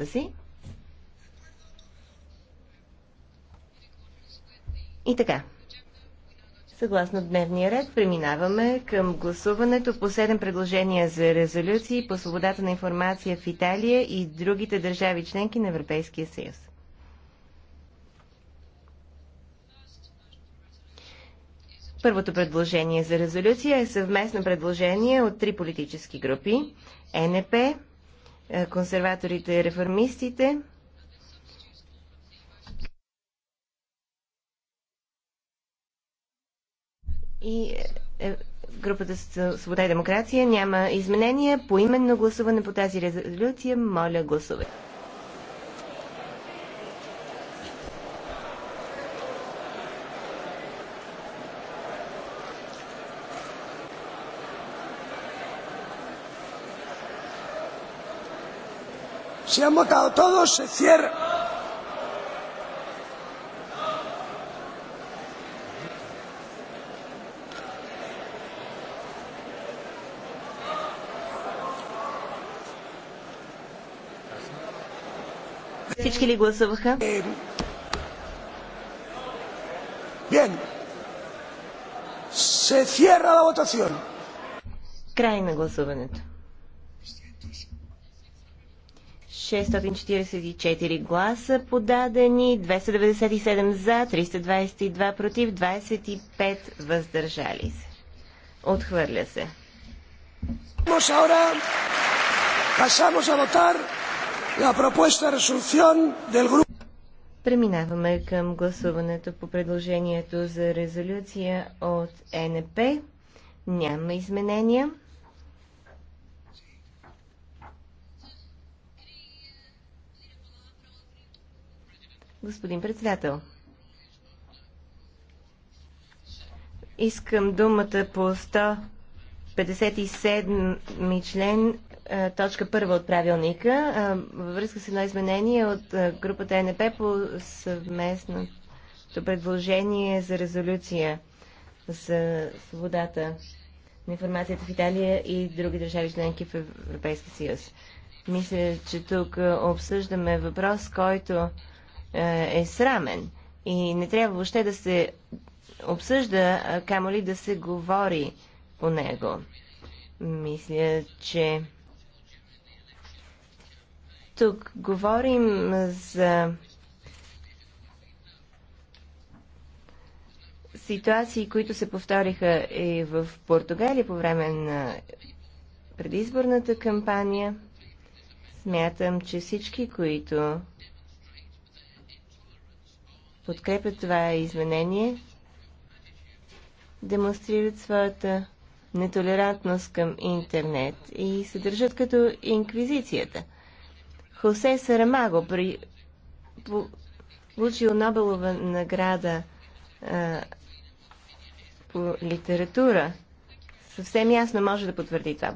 местата си. И така. Съгласно дневния ред, преминаваме към гласуването по 7 предложения за резолюции по свободата на информация в Италия и другите държави членки на Европейския съюз. Първото предложение за резолюция е съвместно предложение от три политически групи – НП, е, консерваторите и реформистите. И е, е, групата Свобода и демокрация няма изменения. По именно гласуване по тази резолюция, моля гласувайте. Si han votado todos, se cierra. Всички ли гласуваха? Bien. Se cierra la votación. Край на гласуването. 644 гласа подадени, 297 за, 322 против, 25 въздържали се. Отхвърля се. Преминаваме към гласуването по предложението за резолюция от НП. Няма изменения. Господин председател, искам думата по 157 член, точка първа от правилника, във връзка с едно изменение от групата НП по съвместното предложение за резолюция за свободата на информацията в Италия и други държави членки в Европейския съюз. Мисля, че тук обсъждаме въпрос, който е, е срамен и не трябва въобще да се обсъжда, е, камо ли да се говори по него. Мисля, че тук говорим за ситуации, които се повториха и в Португалия по време на предизборната кампания. Смятам, че всички, които подкрепят това изменение, демонстрират своята нетолерантност към интернет и се държат като инквизицията. Хосе Сарамаго при... получил Нобелова награда а, по литература съвсем ясно може да потвърди това.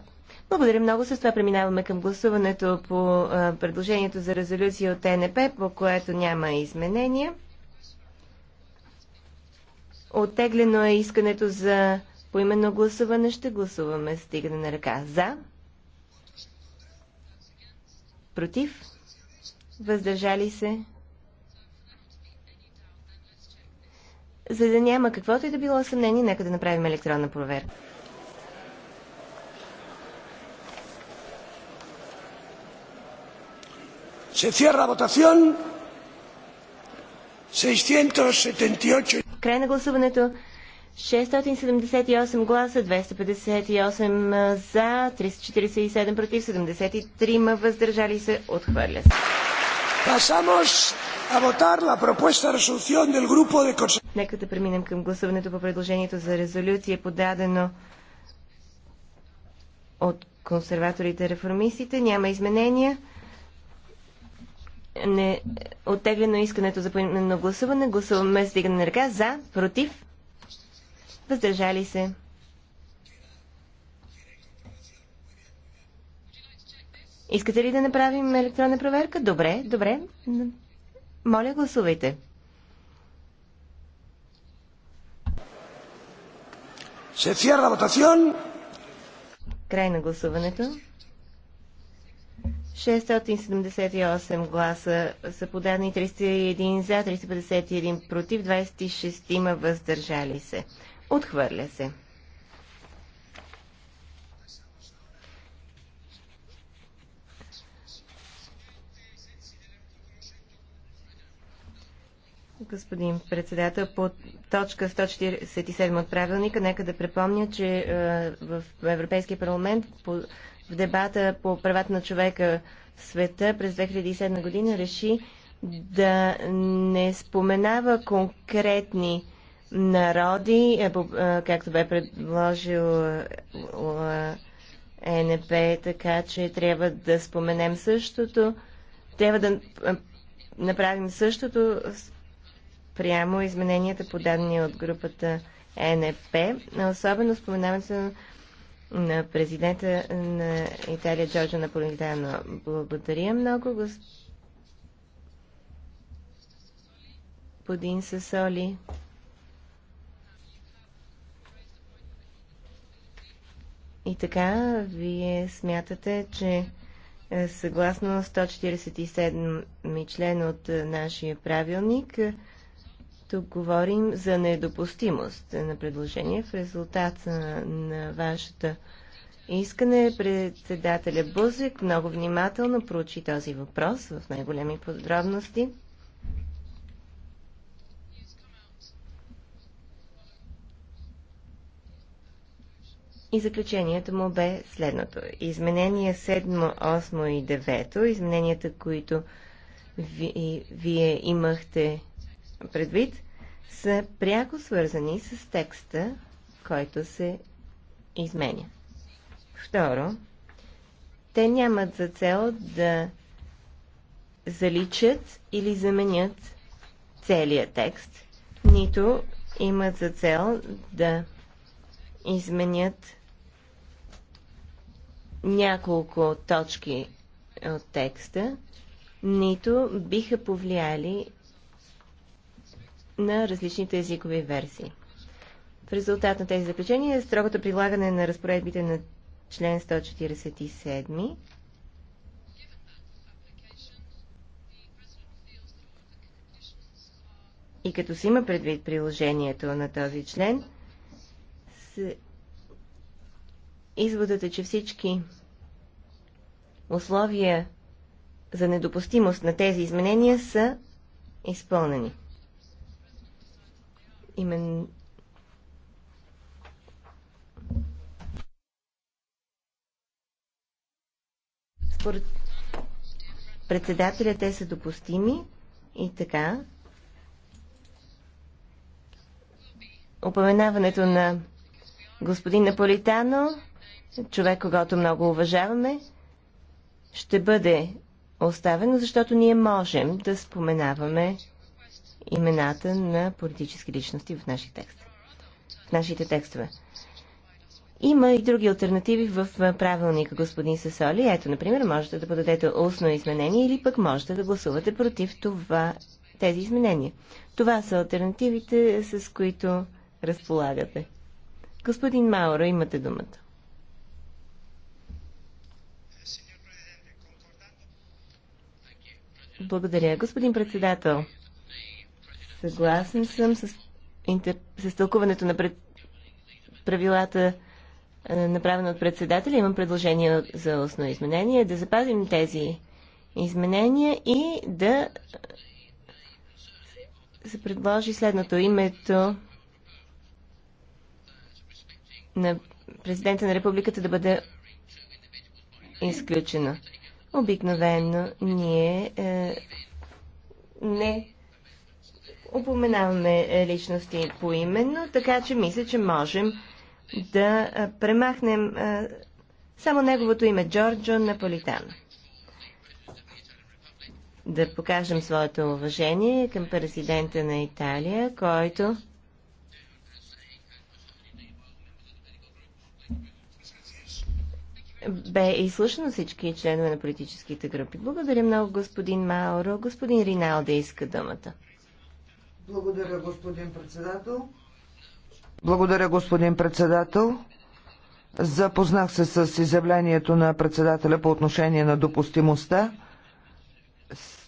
Благодаря много. С това преминаваме към гласуването по а, предложението за резолюция от ТНП, по което няма изменения. Оттеглено е искането за поименно гласуване. Ще гласуваме с тигане на ръка. За. Против. Въздържали се. За да няма каквото и да било съмнение, нека да направим електронна проверка. Се цирра votación. 678. Край на гласуването. 678 гласа, 258 за, 347 против, 73 въздържали се, отхвърля се. Pasamos a votar la propuesta de resolución del grupo de Нека да преминем към гласуването по предложението за резолюция, подадено от консерваторите реформистите. Няма изменения не оттеглено искането за поименно гласуване. Гласуваме с дигане на ръка за, против, въздържали се. Искате ли да направим електронна проверка? Добре, добре. Моля, гласувайте. Се cierra Край на гласуването. 678 гласа са подадени, 301 за, 351 против, 26 има въздържали се. Отхвърля се. Господин председател, по точка 147 от правилника, нека да препомня, че е, в Европейския парламент по в дебата по правата на човека в света през 2007 година реши да не споменава конкретни народи, е, е, както бе предложил ЕНП, е, така че трябва да споменем същото. Трябва да направим същото прямо измененията подадени от групата ЕНП, особено споменаването на на президента на Италия Джорджо Наполитано. Благодаря много, господин Сасоли. И така, вие смятате, че е, съгласно 147 член от е, нашия правилник, е, тук говорим за недопустимост на предложение в резултат на вашата искане. Председателя Бузик много внимателно проучи този въпрос в най-големи подробности. И заключението му бе следното. Изменения 7, 8 и 9, измененията, които ви, вие имахте предвид, са пряко свързани с текста, който се изменя. Второ, те нямат за цел да заличат или заменят целият текст, нито имат за цел да изменят няколко точки от текста, нито биха повлияли на различните езикови версии. В резултат на тези заключения е строгото прилагане на разпоредбите на член 147 и като се има предвид приложението на този член, с... изводът е, че всички условия за недопустимост на тези изменения са изпълнени имен... Според председателя те са допустими и така. Опоменаването на господин Наполитано, човек, когато много уважаваме, ще бъде оставено, защото ние можем да споменаваме имената на политически личности в нашите текстове. В нашите текстове. Има и други альтернативи в правилника, господин Сесоли. Ето, например, можете да подадете устно изменение или пък можете да гласувате против това, тези изменения. Това са альтернативите, с които разполагате. Господин Мауро, имате думата. Благодаря, господин председател. Съгласен съм с, интер... с тълкуването на пред... правилата, е, направено от председателя. Имам предложение за основно изменение. Да запазим тези изменения и да е, се предложи следното името на президента на републиката да бъде изключено. Обикновено ние е, не упоменаваме е, личности по именно, така че мисля, че можем да е, премахнем е, само неговото име Джорджо Наполитано. Да покажем своето уважение към президента на Италия, който бе изслушано всички членове на политическите групи. Благодаря много, господин Мауро. Господин Риналде иска думата. Благодаря, господин председател. Благодаря, господин председател. Запознах се с изявлението на председателя по отношение на допустимостта.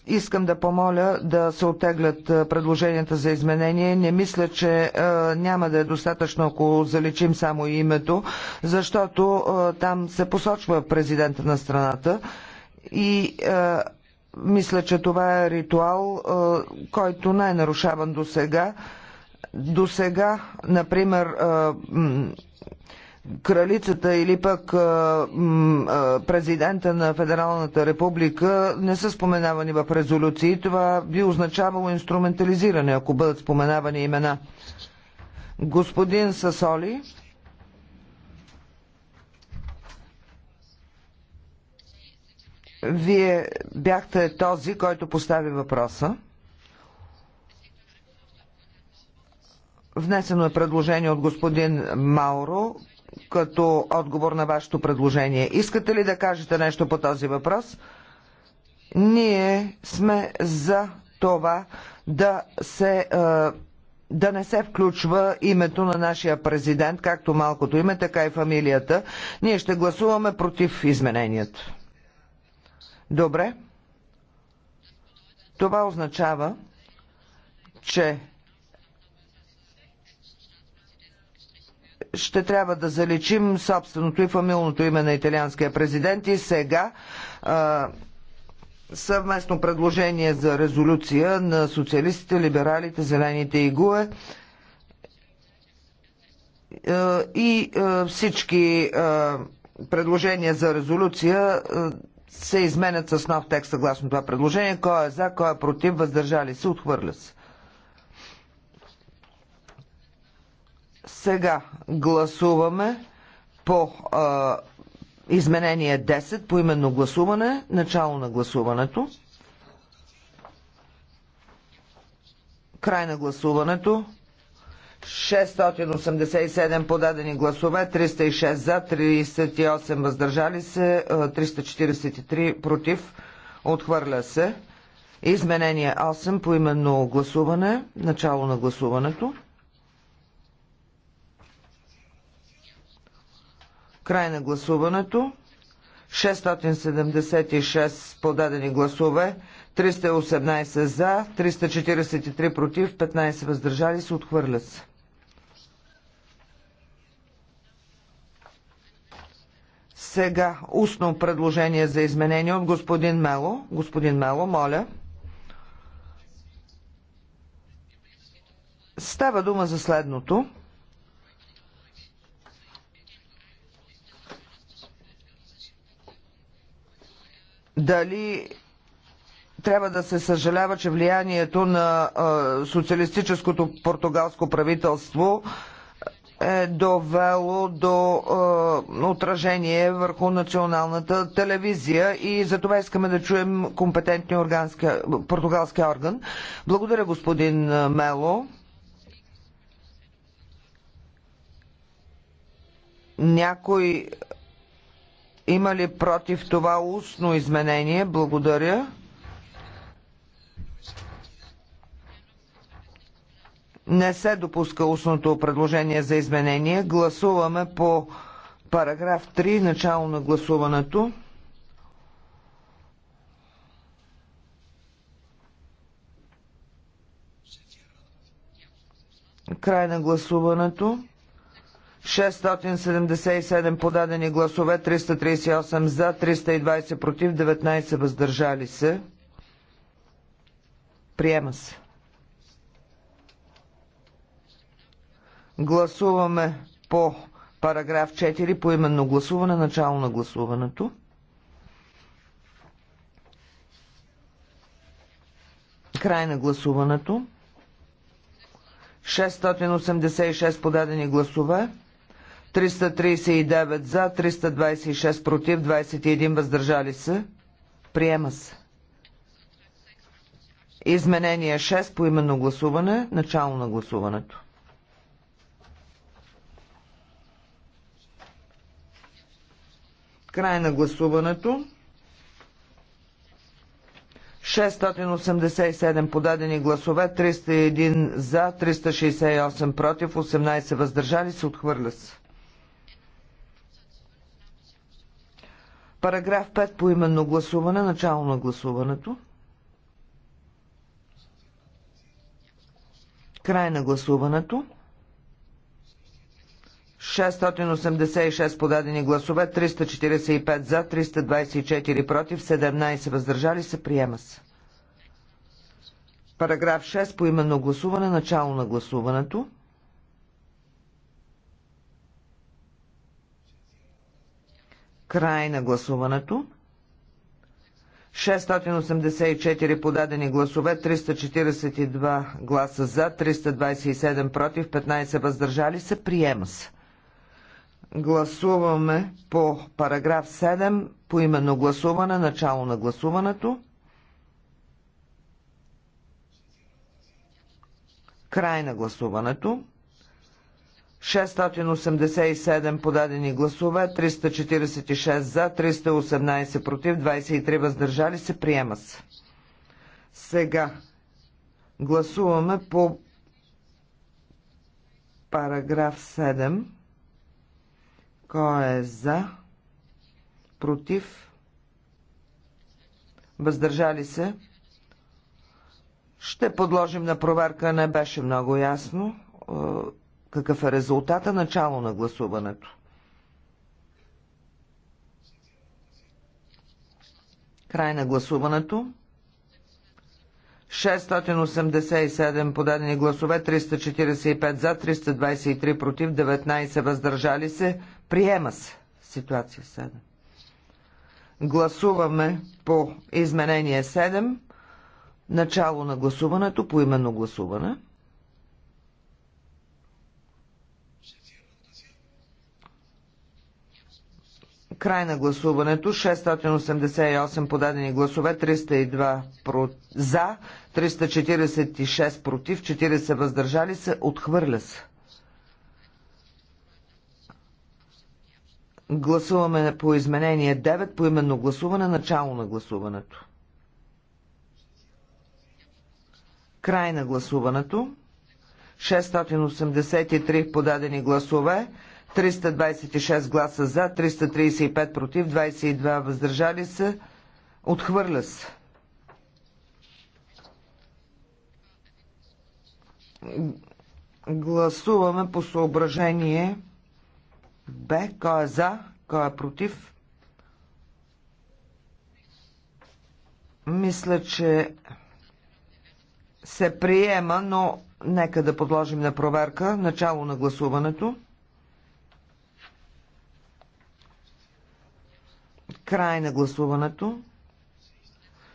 Искам да помоля да се отеглят предложенията за изменение. Не мисля, че е, няма да е достатъчно, ако заличим само името, защото е, там се посочва президента на страната и е, мисля, че това е ритуал, е, който не е нарушаван до сега. До сега, например, е, кралицата или пък е, президента на Федералната република не са споменавани в резолюции. Това би означавало инструментализиране, ако бъдат споменавани имена. Господин Сасоли. Вие бяхте този, който постави въпроса. Внесено е предложение от господин Мауро като отговор на вашето предложение. Искате ли да кажете нещо по този въпрос? Ние сме за това да се е, да не се включва името на нашия президент, както малкото име, така и фамилията. Ние ще гласуваме против изменението. Добре. Това означава, че ще трябва да заличим собственото и фамилното име на италианския президент и сега а, съвместно предложение за резолюция на социалистите, либералите, зелените и ГУЕ и всички предложения за резолюция се изменят с нов текст съгласно това предложение. Кой е за, кой е против, въздържали се, отхвърля се. Сега гласуваме по а, изменение 10, по именно гласуване, начало на гласуването. Край на гласуването. 687 подадени гласове, 306 за, 38 въздържали се, 343 против, отхвърля се. Изменение 8 по именно гласуване, начало на гласуването. Край на гласуването. 676 подадени гласове, 318 за, 343 против, 15 въздържали се, отхвърлят се. Сега устно предложение за изменение от господин Мело. Господин Мело, моля. Става дума за следното. Дали трябва да се съжалява, че влиянието на социалистическото португалско правителство е довело до е, отражение върху националната телевизия и за това искаме да чуем компетентния органски, португалски орган. Благодаря, господин Мело. Някой има ли против това устно изменение? Благодаря. Не се допуска устното предложение за изменение. Гласуваме по параграф 3, начало на гласуването. Край на гласуването. 677 подадени гласове, 338 за, 320 против, 19 въздържали се. Приема се. Гласуваме по параграф 4 по именно гласуване, начало на гласуването. Край на гласуването. 686 подадени гласове. 339 за, 326 против, 21 въздържали се. Приема се. Изменение 6 по именно гласуване, начало на гласуването. Край на гласуването. 687 подадени гласове, 301 за, 368 против, 18 въздържали се, отхвърля се. Параграф 5 по именно гласуване, начало на гласуването. Край на гласуването. 686 подадени гласове, 345 за, 324 против, 17 въздържали се, приема се. Параграф 6 по именно гласуване, начало на гласуването. Край на гласуването. 684 подадени гласове, 342 гласа за, 327 против, 15 въздържали се, приема се. Гласуваме по параграф 7 по именно гласуване, начало на гласуването. Край на гласуването. 687 подадени гласове, 346 за, 318 против, 23 въздържали се, приема се. Сега гласуваме по параграф 7. Кой е за? Против? Въздържали се? Ще подложим на проверка. Не беше много ясно е, какъв е резултата. Начало на гласуването. Край на гласуването. 687 подадени гласове, 345 за, 323 против, 19 въздържали се. Приема се. Ситуация 7. Гласуваме по изменение 7. Начало на гласуването, по именно гласуване. Край на гласуването. 688 подадени гласове, 302 за, 346 против, 40 въздържали се, отхвърля се. Гласуваме по изменение 9, по именно гласуване, начало на гласуването. Край на гласуването. 683 подадени гласове, 326 гласа за, 335 против, 22 въздържали се. Отхвърля се. Гласуваме по съображение Б. Кой е за? Кой е против? Мисля, че се приема, но нека да подложим на проверка начало на гласуването. Край на гласуването.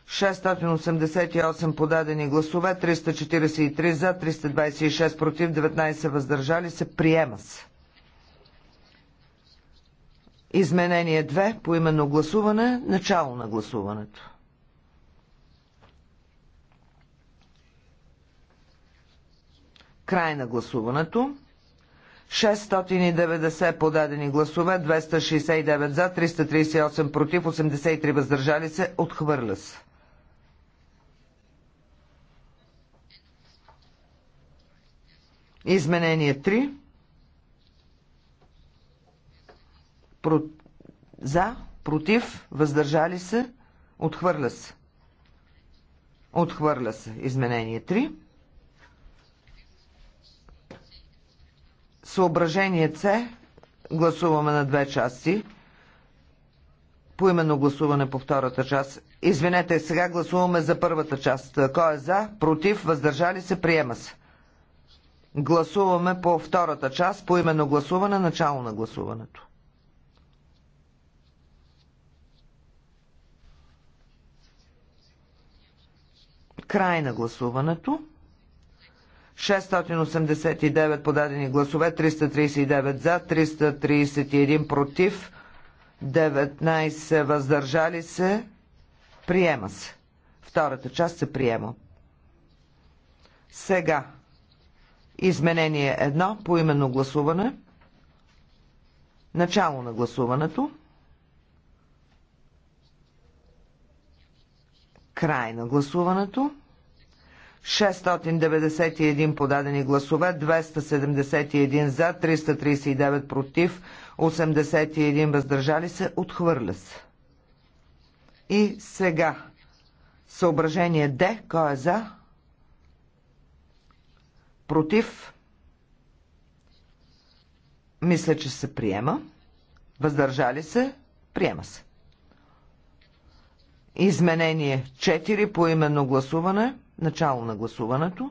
688 подадени гласове, 343 за, 326 против, 19 въздържали се. Приема се. Изменение 2 по именно гласуване, начало на гласуването. Край на гласуването. 690 подадени гласове, 269 за, 338 против, 83 въздържали се, отхвърля се. Изменение 3. Про... За, против, въздържали се, отхвърля се. Отхвърля се. Изменение 3. Съображение С. Гласуваме на две части. Поименно гласуване по втората част. Извинете, сега гласуваме за първата част. Кой е за? Против? Въздържали се? Приема се. Гласуваме по втората част. Поименно гласуване. Начало на гласуването. Край на гласуването. 689 подадени гласове, 339 за, 331 против, 19 въздържали се. Приема се. Втората част се приема. Сега. Изменение 1 по именно гласуване. Начало на гласуването. Край на гласуването. 691 подадени гласове, 271 за, 339 против, 81 въздържали се, отхвърля се. И сега съображение Д, кой е за? Против? Мисля, че се приема. Въздържали се? Приема се. Изменение 4 по именно гласуване – Начало на гласуването.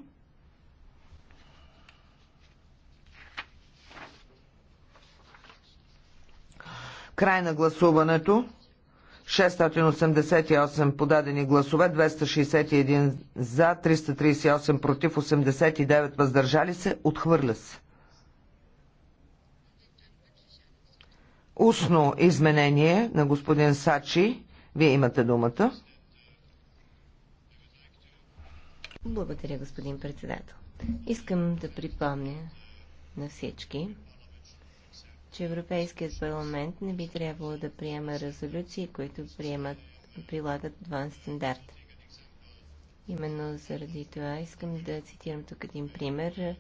Край на гласуването. 688 подадени гласове, 261 за, 338 против, 89 въздържали се, отхвърля се. Устно изменение на господин Сачи. Вие имате думата. Благодаря, господин председател. Искам да припомня на всички, че Европейският парламент не би трябвало да приема резолюции, които приемат, прилагат дван стандарт. Именно заради това искам да цитирам тук един пример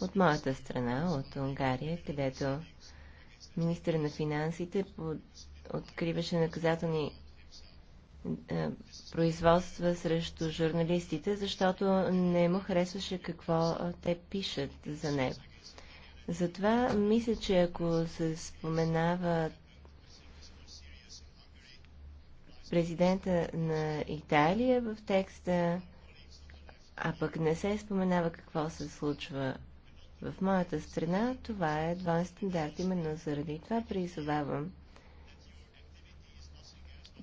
от моята страна, от Унгария, където министър на финансите откриваше наказателни е, производства срещу журналистите, защото не му харесваше какво те пишат за него. Затова мисля, че ако се споменава президента на Италия в текста, а пък не се споменава какво се случва в моята страна, това е двоен стандарт. Именно заради това призовавам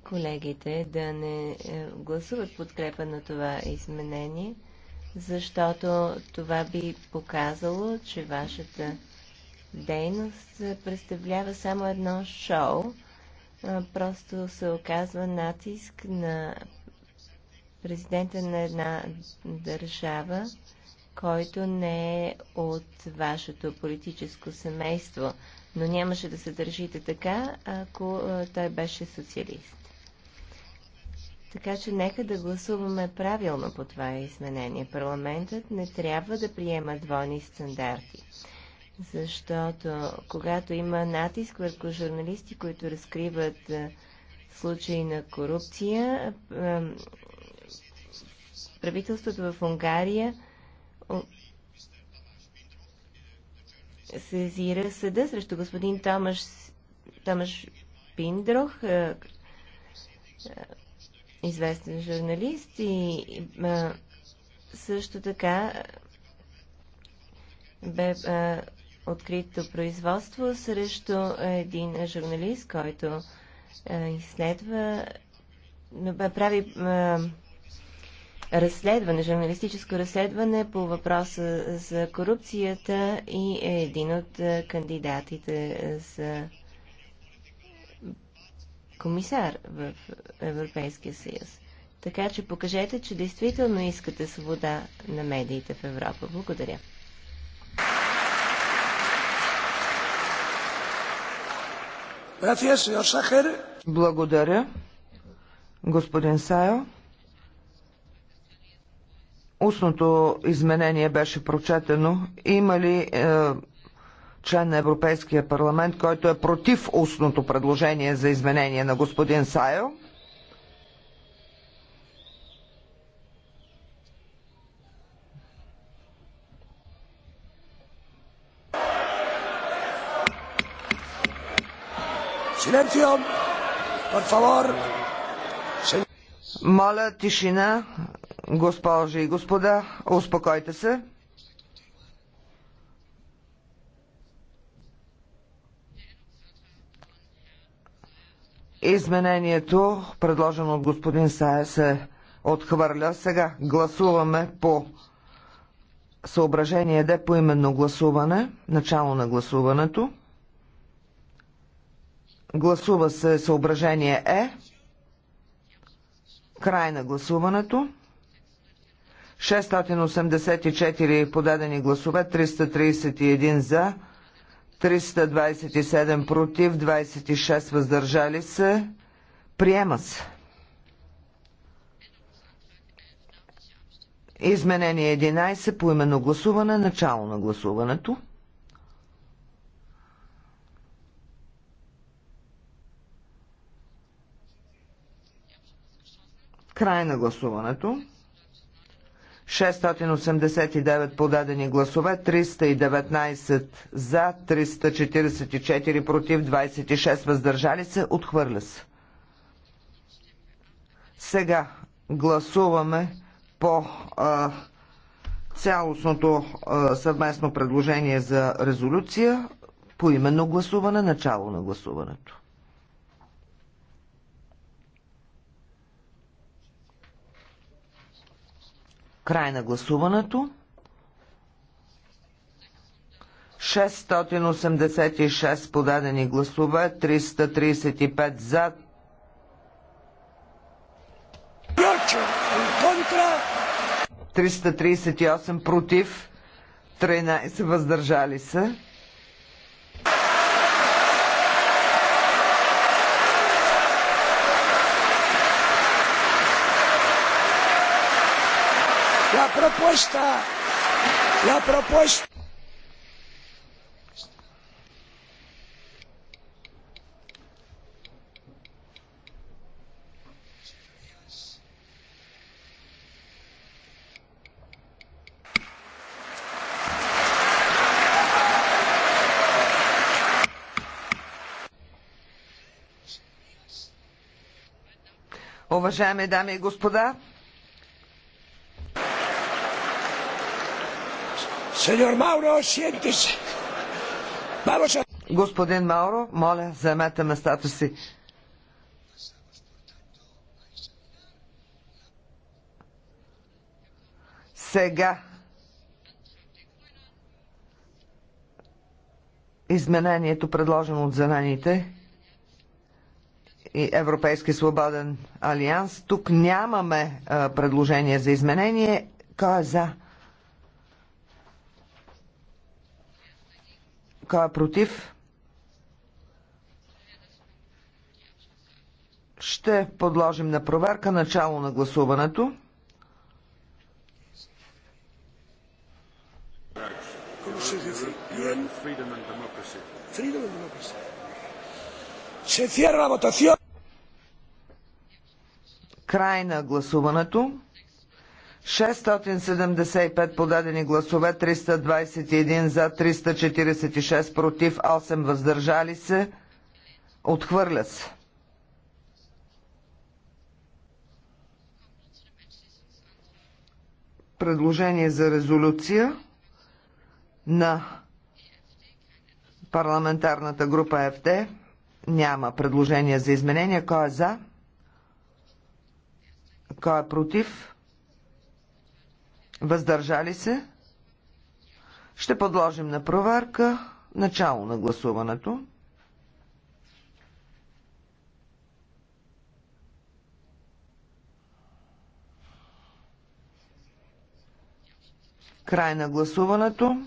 колегите да не е, гласуват подкрепа на това изменение, защото това би показало, че вашата дейност представлява само едно шоу. Просто се оказва натиск на президента на една държава, който не е от вашето политическо семейство. Но нямаше да се държите така, ако той беше социалист. Така че нека да гласуваме правилно по това изменение. Парламентът не трябва да приема двойни стандарти. Защото когато има натиск върху журналисти, които разкриват случаи на корупция, правителството в Унгария сезира съда срещу господин Томаш, Томаш Пиндрох, известен журналист и а, също така бе а, открито производство срещу един журналист, който а, изследва, прави а, разследване, журналистическо разследване по въпроса за корупцията и е един от кандидатите за комисар в Европейския съюз. Така че покажете, че действително искате свобода на медиите в Европа. Благодаря. Благодаря, господин Сайо. Устното изменение беше прочетено. Има ли е, член на Европейския парламент, който е против устното предложение за изменение на господин Сайо. Моля тишина, госпожи и господа, успокойте се. Изменението, предложено от господин Сая, се отхвърля. Сега гласуваме по съображение Д по именно гласуване, начало на гласуването. Гласува се съображение Е. Край на гласуването. 684 подадени гласове, 331 за, 327 против, 26 въздържали се. Приема се. Изменение 11 по именно гласуване, начало на гласуването. Край на гласуването. 689 подадени гласове, 319 за, 344 против, 26 въздържали се, отхвърля се. Сега гласуваме по а, цялостното а, съвместно предложение за резолюция по именно гласуване, начало на гласуването. Край на гласуването. 686 подадени гласове, 335 за. Прочо! 338 против, 13 въздържали се. propuesta, la propuesta. Уважаеми дами и господа, Сеньор Мауро, сиентесе. Господин Мауро, моля, заемете местата си. Сега изменението, предложено от зелените и Европейски свободен алианс, тук нямаме а, предложение за изменение. Кой е за? Кой е против? Ще подложим на проверка начало на гласуването. Край на гласуването. 675 подадени гласове, 321 за, 346 против, 8 въздържали се. Отхвърля се. Предложение за резолюция на парламентарната група ЕФТ. Няма предложение за изменение. Кой е за? Кой е против? Въздържали се? Ще подложим на проверка начало на гласуването. Край на гласуването.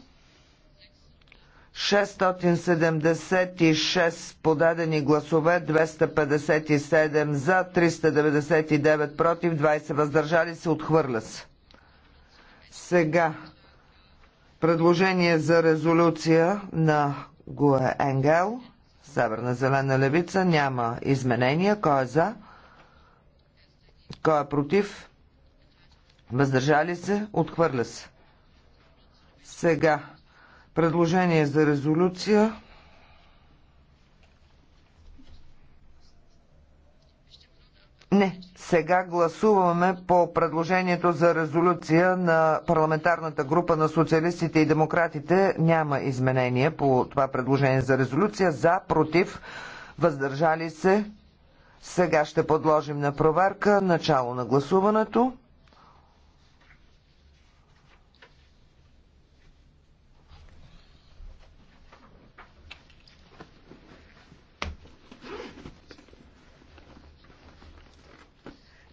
676 подадени гласове, 257 за, 399 против, 20 въздържали се, отхвърля се. Сега предложение за резолюция на Гуе Енгел, Северна зелена левица, няма изменения. Кой е за? Кой е против? Въздържали се? Отхвърля се. Сега предложение за резолюция Не, сега гласуваме по предложението за резолюция на парламентарната група на социалистите и демократите. Няма изменение по това предложение за резолюция. За, против, въздържали се. Сега ще подложим на проверка начало на гласуването.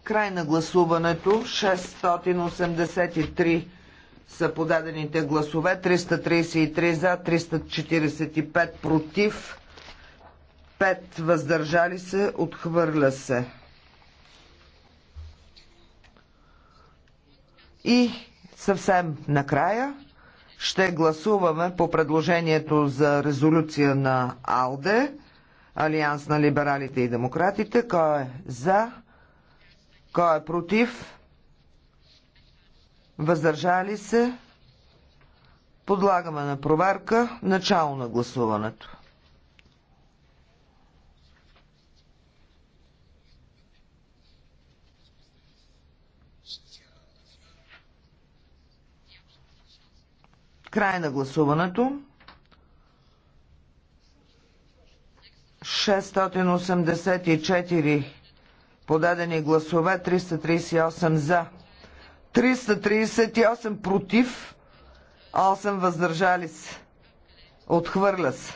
Край на гласуването. 683 са подадените гласове. 333 за, 345 против, 5 въздържали се, отхвърля се. И съвсем накрая ще гласуваме по предложението за резолюция на АЛДЕ, Алианс на либералите и демократите. Кой е за? Кой е против? Въздържали се? Подлагаме на проверка начало на гласуването. Край на гласуването. 684 подадени гласове 338 за, 338 против, 8 въздържали се. Отхвърля се.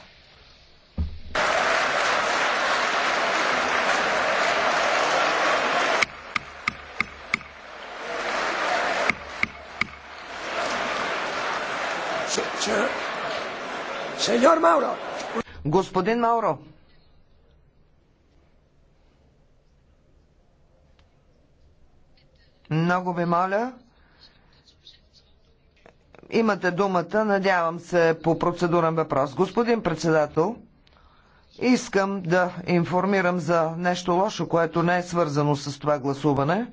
Господин Мауро. много ви моля. Имате думата, надявам се, по процедурен въпрос. Господин председател, искам да информирам за нещо лошо, което не е свързано с това гласуване.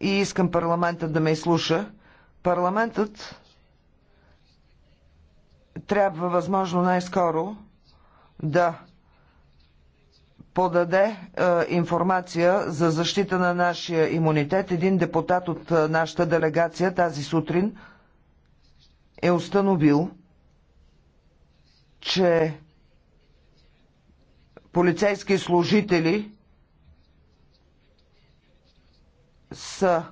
И искам парламентът да ме изслуша. Парламентът трябва възможно най-скоро да подаде е, информация за защита на нашия имунитет. Един депутат от е, нашата делегация тази сутрин е установил, че полицейски служители са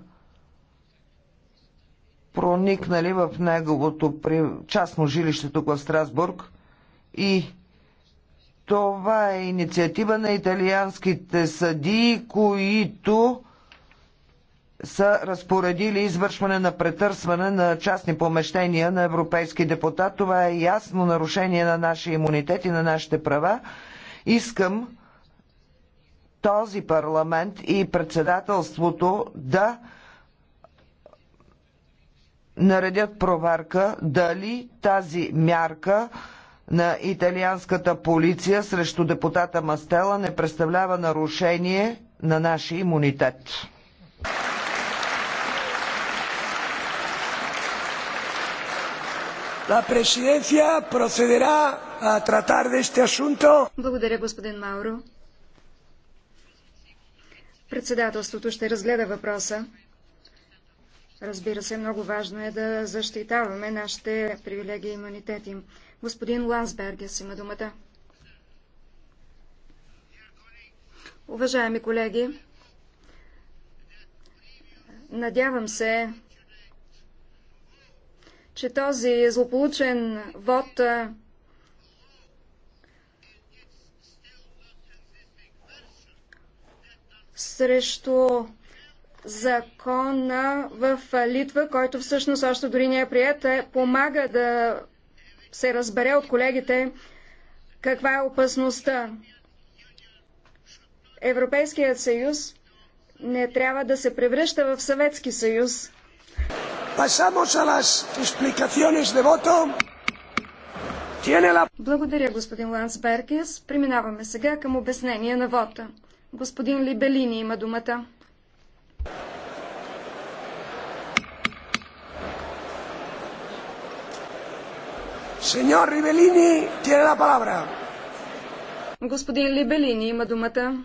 проникнали в неговото частно жилище тук в Страсбург и това е инициатива на италианските съдии, които са разпоредили извършване на претърсване на частни помещения на европейски депутат. Това е ясно нарушение на нашия имунитет и на нашите права. Искам този парламент и председателството да наредят проверка дали тази мярка на италианската полиция срещу депутата Мастела не представлява нарушение на нашия имунитет. Благодаря, господин Мауро. Председателството ще разгледа въпроса. Разбира се, много важно е да защитаваме нашите привилегии и имунитети. Господин Лансбергес има думата. Уважаеми колеги, надявам се, че този злополучен вод срещу закона в Литва, който всъщност още дори не е прият, е, помага да се разбере от колегите каква е опасността. Европейският съюз не трябва да се превръща в Съветски съюз. Благодаря, господин Лансбергес. Преминаваме сега към обяснение на вота. Господин Либелини има думата. Господин Либелини има думата.